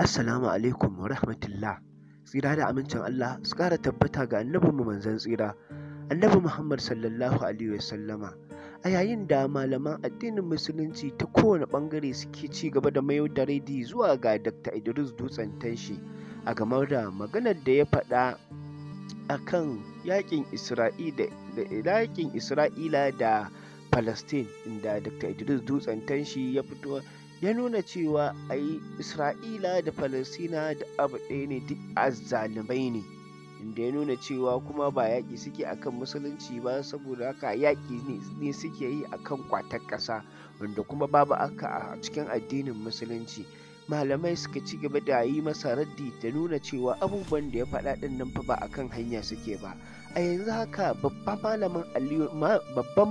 Assalamu alaikum wa rahmatullah. Tsira da amincin Allah su ƙara tabbata ga annabin mu manzon tsira, annabi Muhammad sallallahu alaihi wasallama. A yayin da malaman addinin musulunci ta kowane ɓangare suke ci gaba da mayo da raidi zuwa ga Dr. Idris Dutsen Tanshi a game da maganar da ya faɗa a kan yaƙin Isra'ila da Palestine inda Dr. Idris Dutsen Tanshi ya fito ya nuna cewa a yi isra'ila da falasina da abu ɗaya ne duk azzalumai ne inda ya nuna cewa kuma ba yaƙi suke akan musulunci ba saboda haka yaƙi ne suke yi akan kwatar ƙasa wanda kuma babu aka a cikin addinin musulunci malamai suka ci gaba da yi masa raddi da nuna cewa abubuwan da ya faɗa ɗin nan fa ba a kan hanya suke ba a yanzu haka babban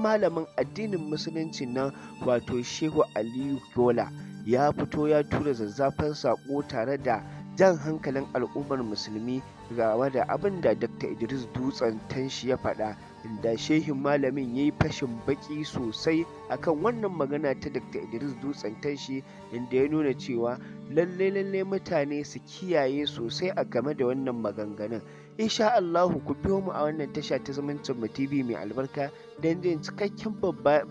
malamin addinin musulunci nan wato shehu aliyu yola ya fito ya tura zazzafan saƙo tare da jan hankalin al'ummar musulmi game da abin da dr idris dutsen tanshi ya faɗa inda shehin malamin ya yi fashin baki sosai akan wannan magana ta dr idris dutsen tashi inda ya nuna cewa lalle lalle mutane su kiyaye sosai a game da wannan maganganun insha allahu ku biyo mu a wannan tasha ta zumuncin mu tv mai albarka don jin cikakken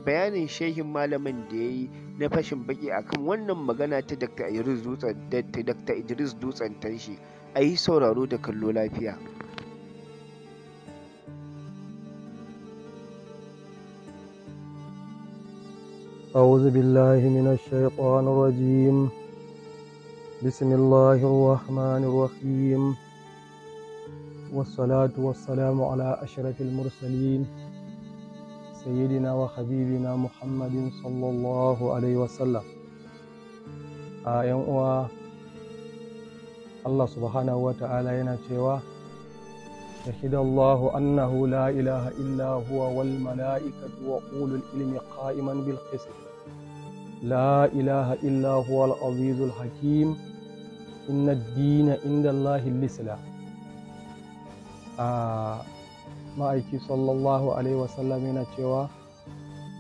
bayanin shehin malamin da ya yi na fashin baki akan wannan magana ta dr idris dutsen tashi a yi sauraro da kallo lafiya أعوذ بالله من الشيطان الرجيم بسم الله الرحمن الرحيم والصلاة والسلام على أشرف المرسلين سيدنا وحبيبنا محمد صلى الله عليه وسلم آه الله سبحانه وتعالى ينتهي شهد الله أنه لا إله إلا هو والملائكة وأولو العلم قائما بالقسط لا إله إلا هو العزيز الحكيم إن الدين عند الله الإسلام آه ما أيكي صلى الله عليه وسلم نتشوى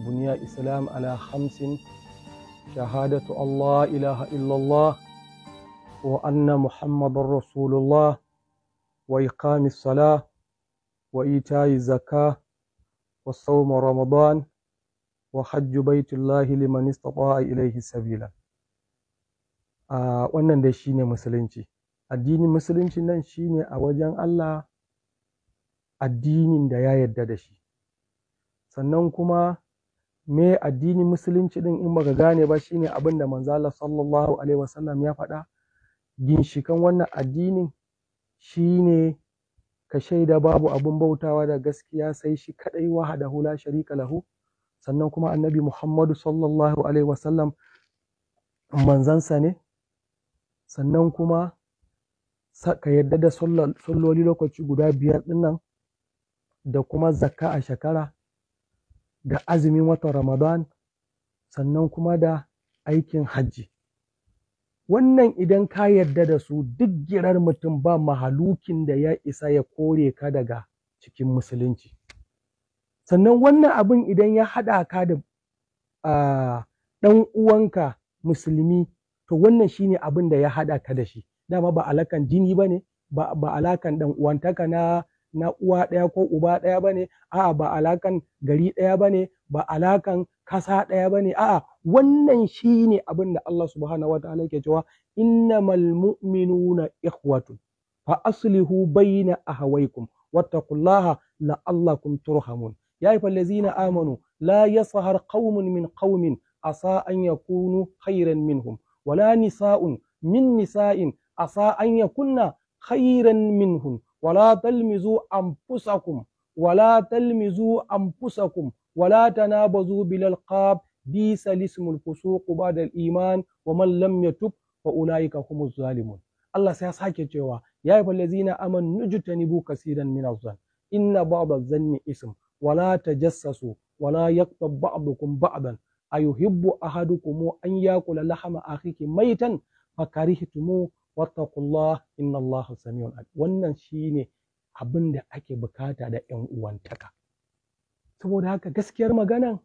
بني الإسلام على خمس شهادة الله إله إلا الله وأن محمد رسول الله وإقام الصلاة وإيتاء الزكاة والصوم رمضان wa hajju baitullahi liman istata'a ilaihi sabila wannan dai shine musulunci addinin musulunci nan shine a wajen Allah addinin da ya yarda da shi sannan kuma me addinin musulunci din in baka gane ba shine abin da manzala sallallahu alaihi wasallam ya faɗa ginshikan wannan addinin shine ka shaida babu abin bautawa da gaskiya sai shi kadai wahada la sharika lahu sannan kuma annabi muhammadu sallallahu alaihi wasallam manzansa ne sannan kuma ka yadda da salloli lokaci guda biyar dinnan da kuma zakka a shekara da azumin watan ramadan sannan kuma da aikin hajji wannan idan ka yadda da su duk girar mutum ba mahalukin da ya isa ya kore ka daga cikin musulunci sannan wannan abin idan ya haɗa ka da ɗan uwanka musulmi to wannan shine abin da ya haɗa ka da shi dama ba alakan jini ba ne ba, alaƙan alakan ɗan uwantaka na na uwa ɗaya ko uba ɗaya ba ne a'a ba alakan gari ɗaya ba ne ba alakan kasa ɗaya ba ne a'a wannan shine abin da Allah subhanahu wataala yake cewa innamal mu'minuna ikhwatu fa aslihu bayna ahawaykum wattaqullaha la'allakum turhamun ya yi fallazina amanu la har qaumun min qaumin asa an yakunu khairan minhum wala nisa'un min nisa'in asa an yakunna khairan minhum wala talmizu anfusakum wala talmizu anfusakum wala tanabazu bil alqab bisa lismul fusuq ba'da al iman wa man lam yatub fa ulaika humuz zalimun Allah sai ya sake cewa ya yi fallazina amanu nujtanibu kaseeran min az inna ba'd az-zanni ism wala tajassasu wala بعضا ba'dukum ba'dan ayuhibbu ahadukum لحم yakula ميتا akhihi maitan الله wattaqullah innallaha سميع عليم wannan shine abin da ake bukata da ƴan uwantaka saboda haka gaskiyar magana,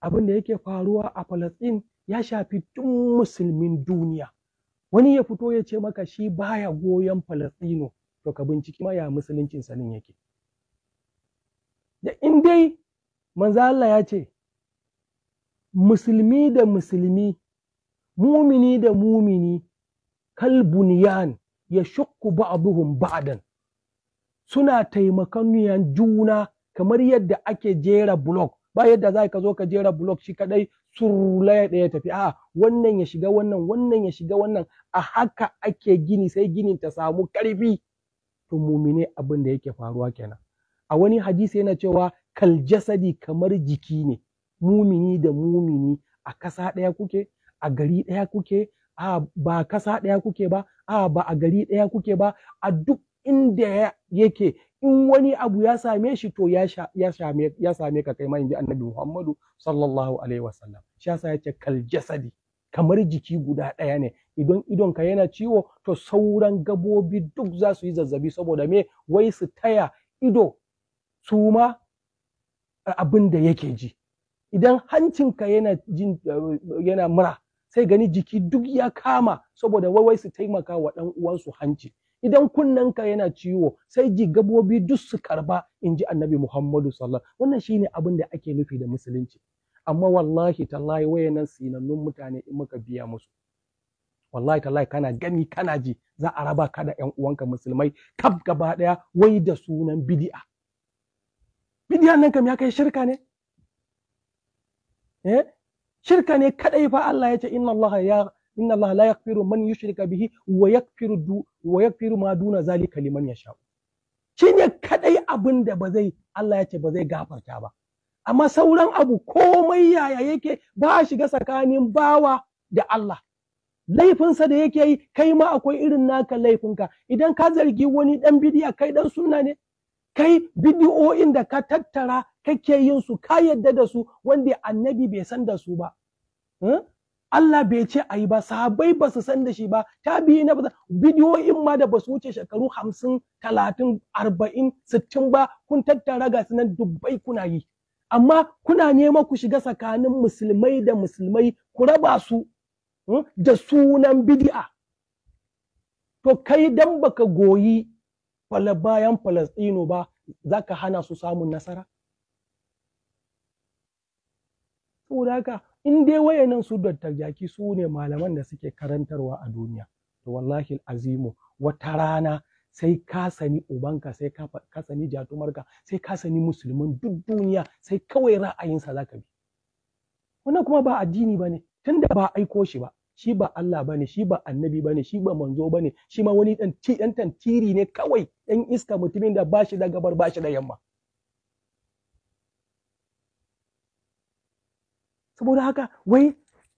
abin da yake faruwa a Falasɗin ya shafi duk musulmin duniya wani ya fito ya ce maka shi baya goyon Palestine to ka binciki ma ya musuluncin sanin yake da in dai manzo Allah ya ce musulmi da musulmi mumini da mumini kalbuniyan ya shukku ba'aduhum ba'dan suna taimakon juna kamar yadda ake jera block ba yadda za ka zo ka jera block shi kadai surula ya tafi a wannan ya shiga wannan wannan ya shiga wannan a haka ake gini sai ginin ta samu karfi to mumine abin da yake faruwa kenan a wani hadisi yana cewa kal jasadi kamar jiki ne mumini da mumini a kasa ɗaya kuke a gari ɗaya kuke a ba kasa ɗaya kuke ba a ba a gari ɗaya kuke ba a duk inda yake in wani abu ya same shi to ya same ka kai ma inji annabi Muhammadu sallallahu alaihi wasallam shi yasa yace kal jasadi kamar jiki guda ɗaya ne idan idon ka yana ciwo to sauran gabobi duk za su yi zazzabi saboda me wai su taya ido su ma abin da yake ji idan hancinka yana jin yana mura sai gani jiki duk ya kama saboda wai su taimaka wa ɗan uwansu hanci idan kunnenka yana ciwo sai ji gabobi duk su karba in ji annabi muhammadu sallallahu wannan shine abin da ake nufi da musulunci amma wallahi tallahi wayannan sinannun mutane in muka biya musu wallahi tallahi kana gani kana ji za a raba ka da ƴan uwanka musulmai kaf gaba ɗaya wai da sunan bid'a bidiyan nan kam ya kai shirka ne eh shirka ne kadai fa Allah ya ce inna Allah ya inna Allah la yaghfiru man yushrika bihi wa yaghfiru du wa yaghfiru ma duna zalika liman yasha shine kadai abin da ba zai Allah ya ce ba zai gafarta ba amma sauran abu komai yaya yake ba shiga tsakanin bawa da Allah laifinsa da yake yi kai ma akwai irin naka laifinka idan ka zargi wani dan bidiya kai dan suna ne kai bidiyo'in da ka tattara kake yin su ka yadda da su wanda annabi bai san da su ba hmm? Allah bai ce a yi ba sahabbai ba su san da shi ba ta biyu na bidiyoyin ma da ba su wuce shekaru hamsin talatin arba'in sittin ba kun tattara ga nan dubbai kuna yi amma kuna nema ku shiga tsakanin musulmai da musulmai ku raba su hmm, da sunan bidi'a to kai dan baka goyi bayan Falasɗinu ba za ka hana su samun nasara? Saboda haka in dai wayannan su Dr. Jaki su ne malaman da suke karantarwa a duniya. To wallahi azimu wata rana sai ka sani ubanka sai ka sani jatumarka sai ka sani musulman duk duniya sai kawai ra'ayinsa za ka bi. Wannan kuma ba addini ba ne tun da ba aiko shi ba. shi ba Allah bane shi ba annabi bane shi ba manzo bane shi ma wani ɗan tantiri ne kawai ɗan iska mutumin da ba shi da gabar ba shi da yamma saboda haka wai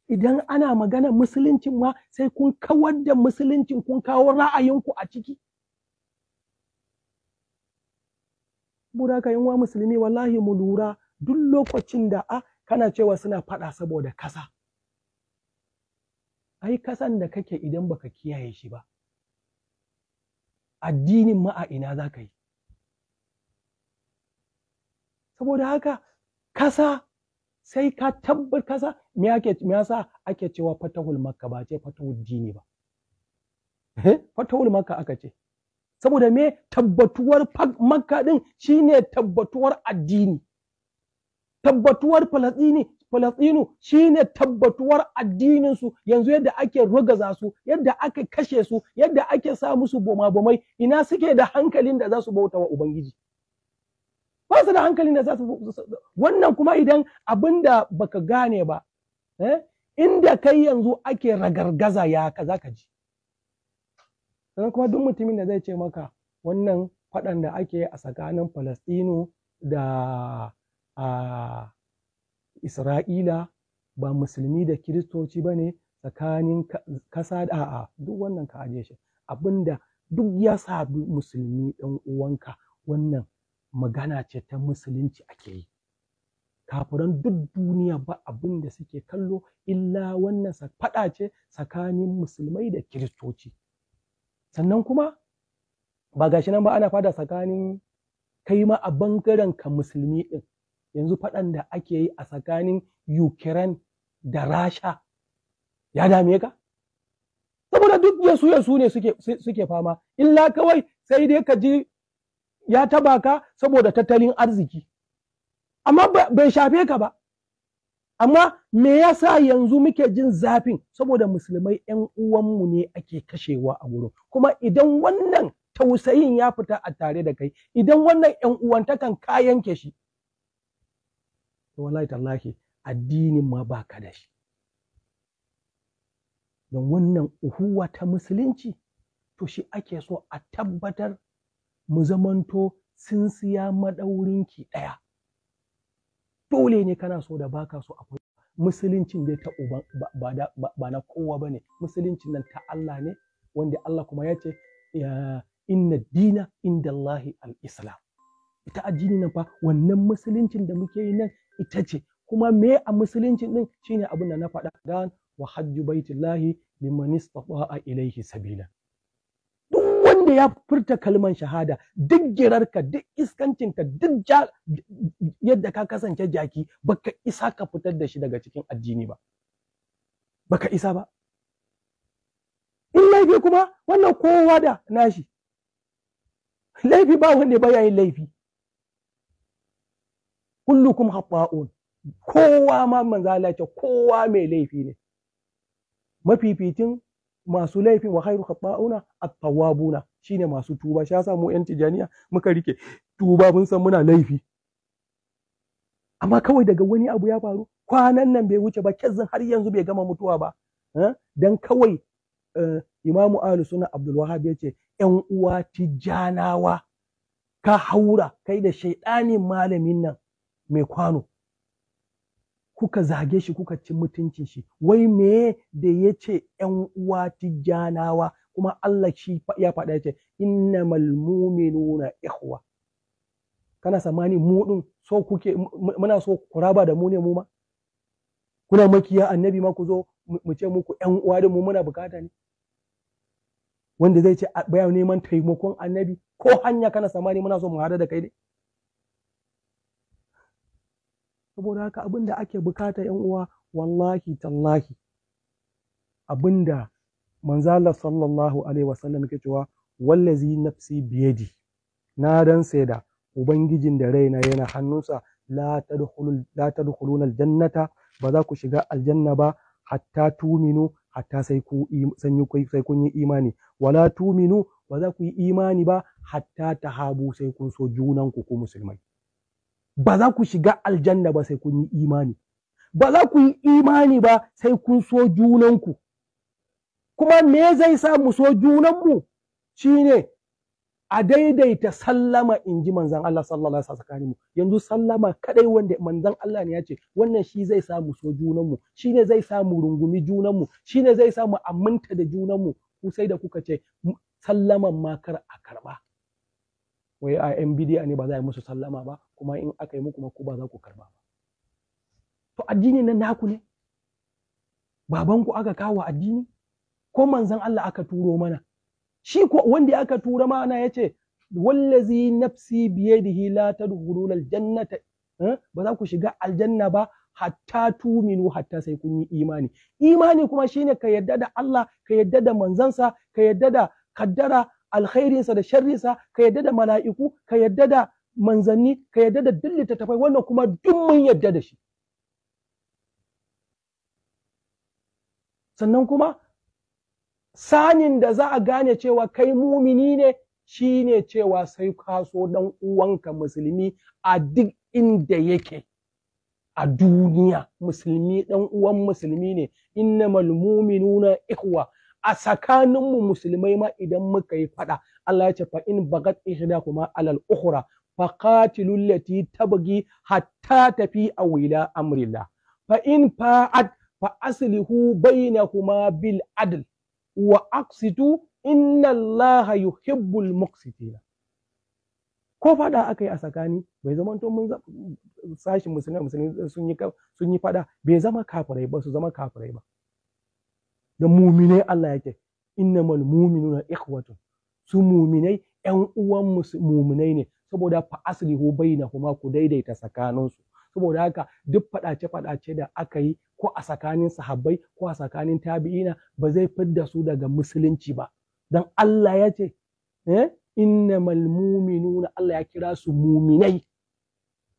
idan ana magana musuluncin ma sai kun kawar da musuluncin kun kawo ra'ayinku a ciki Saboda haka, yin wa musulmi wallahi mu lura duk lokacin da a kana cewa suna faɗa saboda kasa ai kasan da kake idan baka kiyaye shi ba addinin ma a ina za ka yi saboda haka kasa sai ka tabbar kasa me ake me yasa ake cewa fatahul makka ba ce fatahul dini ba eh, fatahul makka aka ce saboda me tabbatuwar makka din shine tabbatuwar addini tabbatuwar falastini Falasɗinu shine tabbatuwar addininsu yanzu yadda ake rugaza su, yadda ake kashe su, yadda ake sa musu boma ina suke da hankalin da za su bauta wa Ubangiji. Ba su da hankalin da za su wannan kuma idan abin da baka gane ba, eh, inda kai yanzu ake ragargaza ya ka ka ji. Sannan kuma duk mutumin da zai ce maka wannan faɗan da ake a tsakanin Falasɗinu da a ah, isra'ila ba musulmi da kiristoci ba ne tsakanin kasa da a duk wannan ka aje shi abinda duk ya sa musulmi ɗan uwanka wannan magana ce ta musulunci ake yi kafiran duk duniya ba abin da suke kallo illa wannan faɗa ce tsakanin musulmai da kiristoci sannan kuma ba gashi nan ba ana fada tsakanin kai ma a bangaren ka musulmi ɗin yanzu faɗan da ake yi a tsakanin Ukraine da Rasha ya dame ka? Saboda duk yasu yasu ne suke fama, illa kawai sai dai ka ji ya taba ka saboda tattalin arziki. Amma bai shafe ka ba. Amma me yasa yanzu muke jin zafin saboda musulmai ‘yan uwanmu ne ake kashewa a wurin. Kuma idan wannan tausayin ya fita a tare da kai, idan wannan ‘yan uwan takan kayan shi, wallahi tallahi addinin ma ba ka da shi don wannan uhuwa ta musulunci to shi ake so a tabbatar mu zamanto sun siya maɗaurinki ɗaya dole ne kana so da baka so a musuluncin dai ta uban ba na kowa ba ne musuluncin nan ta Allah ne wanda Allah kuma ya ce inna dina inda Allahi al-islam Ta addini nan fa wannan musuluncin da muke yi nan ita ce kuma me a musulunci din shine abin da na faɗa dan wa hajju baitullahi liman istata'a ilaihi sabila duk wanda ya furta kalman shahada duk girarka duk iskancinka duk yadda ka kasance jaki baka isa ka fitar da shi daga cikin addini ba baka isa ba in laifi kuma wannan kowa da nashi laifi ba wanda ya yin laifi kullukum haɓa'un kowa ma manza lafiya kowa mai laifi ne mafificin masu laifin wa haɓɓa'una, a tawabuna shi ne masu tuba shi yasa mu yan tijaniya muka rike tuba mun san muna laifi amma kawai daga wani abu ya faru kwanan nan bai wuce ba kyazzin har yanzu bai gama mutuwa ba eh? Don kawai eh, imamu ahlu suna abdul wahab ya ce yan uwa tijanawa ka haura kai da shaidanin malamin nan mai kwano kuka zage shi kuka ci mutuncin shi wai me da ya ce ‘yan uwa tijjanawa kuma Allah shi ya faɗa ya ce malmumi nuna ihwa kana samani muɗin so kuke muna so ku raba da mu ne mu ma kuna makiya annabi ma ku zo mu ce muku ‘yan uwa da mu muna bukata ne wanda zai ce bayan neman taimakon annabi ko hanya kana samani muna so mu hada da kai ne saboda haka abin da ake bukata yan uwa wallahi tallahi abinda da manzala sallallahu alaihi wasallam yake cewa wallazi nafsi biyadi na dan da ubangijin da raina yana hannunsa la tadkhulu la tadkhuluna aljannata ba za ku shiga aljanna ba hatta tuminu hatta sai ku sai kun yi imani wala tuminu ba za ku yi imani ba hatta tahabu sai kun so junan ku ku musulmai ba za ku shiga aljanna ba sai kun yi imani ba za ku yi imani ba sai kun so junanku kuma me zai sa mu so junanmu shine a daidaita sallama in ji manzan Allah sallallahu alaihi wasallam yanzu sallama kadai wanda manzan Allah ne ya ce wannan shi zai sa mu so junanmu shine zai sa mu rungumi junanmu shine zai sa mu aminta da junanmu ku sai da kuka ce sallaman makar a karba wai a MBD ne ba za a yi musu sallama ba kuma in aka yi muku maku ba za ku karba ba to addini nan naku ne babanku aka kawo addini ko manzan Allah aka turo mana shi ko wanda aka tura mana ya ce wallazi nafsi biyadihi la tadkhulul aljannata eh, ba za ku shiga aljanna ba hatta tuminu hatta sai kun yi imani imani kuma shine ka yadda da Allah ka yadda da manzansa ka yadda da kaddara alkhairinsa da sharrinsa ka yadda da mala'iku ka yadda da manzanni ka yadda da ta littattafai wannan kuma duk mun yadda da shi sannan kuma sanin da za a gane cewa kai mumini ne shine cewa sai kaso so dan uwanka musulmi a duk inda yake a duniya musulmi dan uwan musulmi ne innamal mu'minuna ikhwa a tsakaninmu musulmai ma idan muka yi fada Allah ya ce fa in bagat kuma alal ukhra فقاتلوا التي تبغي حتى تفيء إلى أمر الله فإن فاءت فأصله بينهما بالعدل وأقسطوا إن الله يحب المقسطين ko fada aka yi a tsakani bai zama to mun sashin musulmi musulmi sun yi sun yi fada bai zama kafirai ba su zama kafirai ba da muminai Allah yake innamal mu'minuna ikhwatun su muminai ƴan uwan muminai ne saboda fa na kuma ku daidaita tsakaninsu saboda haka duk faɗace-faɗace da aka yi ko a tsakanin sahabbai ko a tsakanin tabi'ina ba zai fidda su daga musulunci ba dan Allah ya ce eh? innamal muminuna Allah ya kira su muminai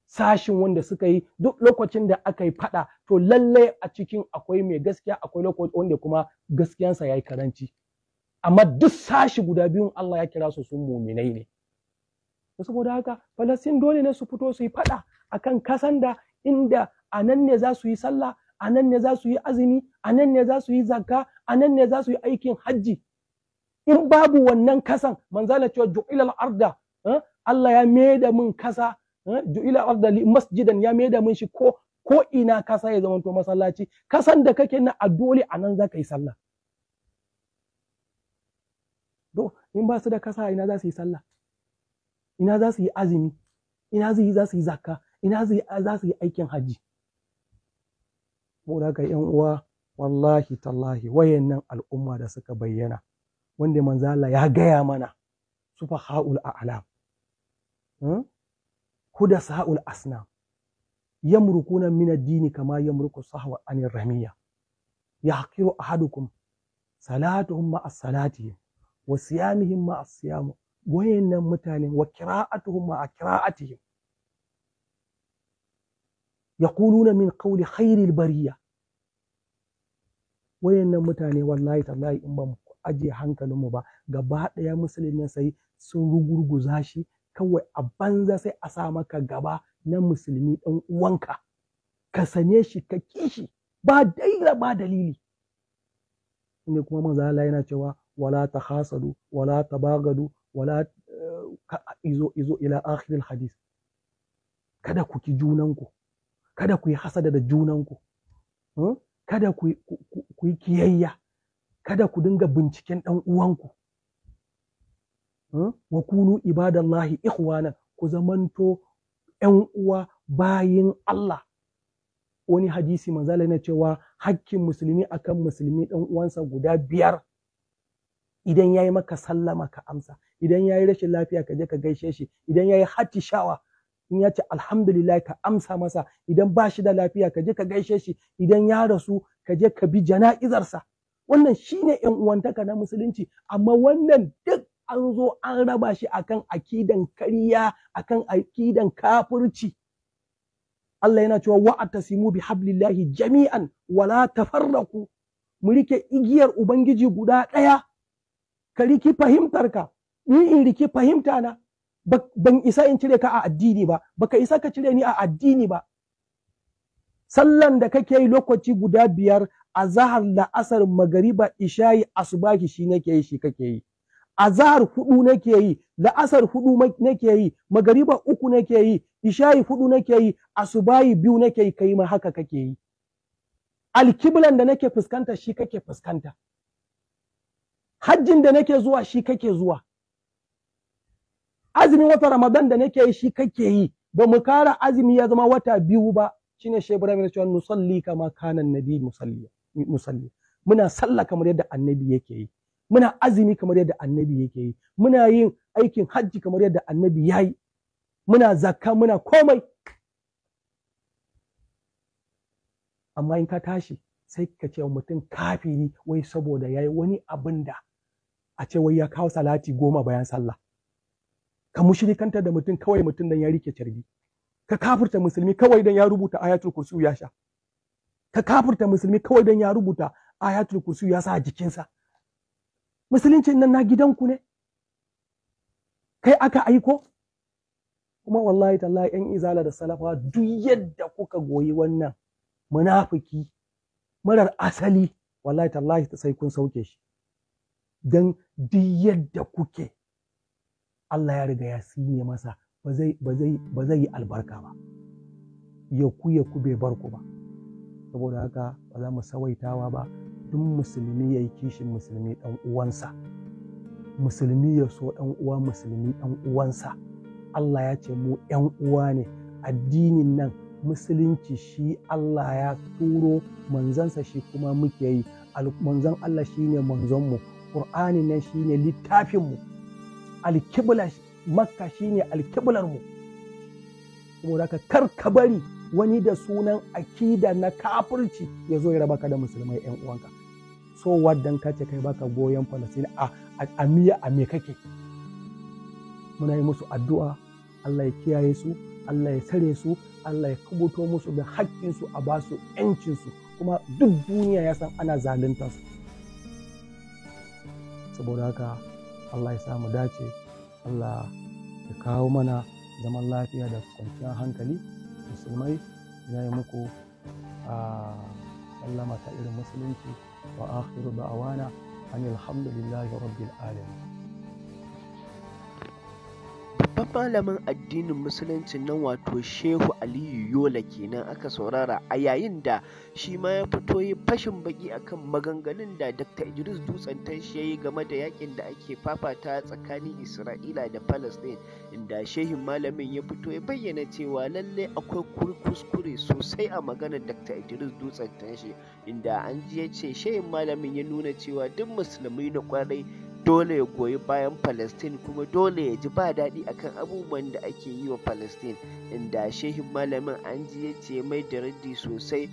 sashin wanda suka yi duk lokacin da aka yi faɗa to lallai a cikin akwai mai gaskiya akwai lokacin wanda kuma gaskiyansa ya yi karanci amma duk sashi guda biyun Allah ya kira su sun muminai ne da saboda haka falastin dole ne su fito su yi faɗa akan kasan da inda a ne za su yi sallah a ne za su yi azumi a nan ne za su yi zakka a ne za su yi aikin hajji in babu wannan kasan manzala cewa ju'ila arda Allah ya da eh, mun kasa eh, ju'ila arda masjidan ya da mun shi ko ko ina kasa ya zama to masallaci kasan da kake na a dole a nan za ka yi sallah do in ba su da kasa ina za su yi sallah ina za su yi azumi ina za yi yi zakka ina za su yi aikin hajji saboda yan uwa wallahi tallahi wayannan al'umma da suka bayyana wanda manzala ya gaya mana sufa ha'ul a'lam hmm? huda sa'ul asnam yamrukuna min ad dini kama yamruku sahwa anir ramiya yahqiru ahadukum salatuhum ma'a salatihim wa siyamihim ma'a siyamu wayannan mutane wa kira'atuhum ma kira'atihim yaquluna min qawli khairil bariya wayannan mutane wallahi tallahi in ba mu aje hankalinmu ba gaba ɗaya musulmin sai sun rugurguza shi kawai a banza sai a sa maka gaba na musulmi ɗan uwanka ka sane shi ka kishi ba daila ba dalili ne kuma manzo Allah yana cewa wala tahasadu wala tabagadu wala eh, izo izo ila akhiril hadis kada ku ki junanku kada ku yi hasada da junanku hmm? kada ku yi kiyayya kada ku dinga binciken ɗan uwanku hmm? wa kunu ibadallahi ikhwana ku zamanto ‘yan uwa bayin Allah wani hadisi manzala na cewa hakkin musulmi akan musulmi ɗan uwansa guda biyar idan ya yi maka sallama ka amsa idan yayi rashin lafiya ka je ka gaishe shi idan yayi shawa in ya ce alhamdulillah ka amsa masa idan ba shi da lafiya ka je ka gaishe shi idan ya rasu ka je ka bi jana'izarsa wannan shine yan uwantaka na musulunci amma wannan duk an zo an raba shi akan akidan kariya akan akidan kafirci Allah yana cewa wa'atasimu bi hablillahi jami'an wala tafarraku mu rike igiyar ubangiji guda ɗaya ka riki fahimtar ka ni in riki fahimta na ban isa in cire ka a addini ba baka isa ka cire ni a addini ba sallan da kake yi lokaci guda biyar a zahar la'asar magariba ishayi asubahi shi nake yi shi kake yi a zahar hudu nake yi la'asar hudu nake yi magariba uku nake yi ishayi hudu nake yi asubahi biyu nake yi kai ma haka kake yi alkiblan da nake fuskanta shi kake fuskanta hajjin da nake zuwa shi kake zuwa azumin wata ramadan da nake yi shi kake yi ba mu kara azumi ya zama wata biyu ba shine shi ibrahim ya ce nusalli kama kana annabi musalli muna sallah kamar yadda annabi yake yi muna azumi kamar yadda annabi yake yi muna yin aikin hajji kamar yadda annabi yayi muna zakka muna komai amma in ka tashi sai ka ce mutum kafiri wai saboda yayi wani abin da a ce wai ya kawo salati goma bayan sallah ka mushrikanta da mutum kawai mutum dan ya rike carbi ka kafurta musulmi kawai dan ya rubuta ayatul kursi ya sha ka kafurta musulmi kawai dan ya rubuta ayatul kursi ya sa jikinsa musuluncin nan na gidanku ne kai aka aiko kuma wallahi tallahi yan izala da salafa duk yadda kuka goyi wannan munafuki, marar asali wallahi tallahi sai kun sauke shi don duk yadda kuke Allah ya riga ya sinye masa ba zai yi albarka ba ya ku ya ku bai barku ba saboda haka ba za mu sawaitawa ba duk musulmi ya yi kishin musulmi ɗan uwansa musulmi ya so ɗan uwa musulmi ɗan uwansa Allah ya ce mu ‘yan uwa ne addinin nan musulunci shi Allah ya turo manzansa shi kuma muke yi manzan Allah shi ne manzonmu ƙur'ani nan shi ne littafinmu alkibla makka ne alkiblarmu saboda ka kar ka bari wani da sunan akida na kafirci ya zo ya raba ka da musulmai yan uwanka so waddan ka ce kai baka goyon falasina a amiya miya a me kake muna yi musu addu'a Allah ya kiyaye su Allah ya sare su Allah ya kubuto musu da haƙƙinsu a basu 'yancinsu kuma duk duniya ya san ana zalunta su saboda haka allah ya samu dace allah ya kawo mana zaman lafiya da kwanciyar hankali musulmai ya yi muku a sallama ta irin musulunci wa akhiru wana an alhamdulillahi rabbil alamin malamin addinin musulunci nan wato shehu aliyu yola kenan aka saurara a yayin da shi ma ya fito yi fashin baki akan maganganun da dr idris dutsen tashi ya yi game da yakin da ake fafata tsakanin isra'ila da palestine inda shehin malamin ya fito ya bayyana cewa lallai akwai kuskure sosai a maganar dr idris dutsen tashi inda an ji ce shehin malamin ya nuna cewa duk musulmi na kwarai dole ya goyi bayan Palestine kuma dole ya ji ba daɗi akan abubuwan da ake yi wa Palestine inda shehin malamin an ji ya ce mai da raddi sosai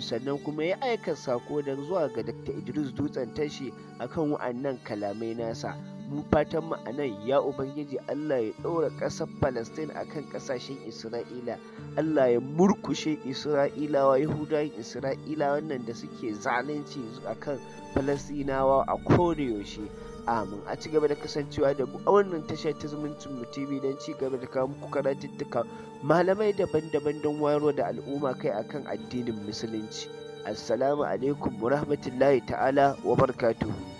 sannan kuma ya aika sako don zuwa ga Dr. Idris Dutsen tashi akan wa'annan kalamai nasa. mu fatan mu anan ya ubangiji Allah ya ɗora ƙasar Palestine akan ƙasashen Isra'ila Allah ya murkushe Isra'ilawa Yahudawan Isra'ila wannan da suke zalunci akan palestinawa a koda yaushe amin a ci gaba da kasancewa da mu a wannan tashar ta zumuncin mu tv don ci gaba da kawo muku karatuttuka malamai daban-daban don wayarwa da al'umma kai akan addinin musulunci assalamu alaikum wa rahmatullahi ta'ala wa barakatuhu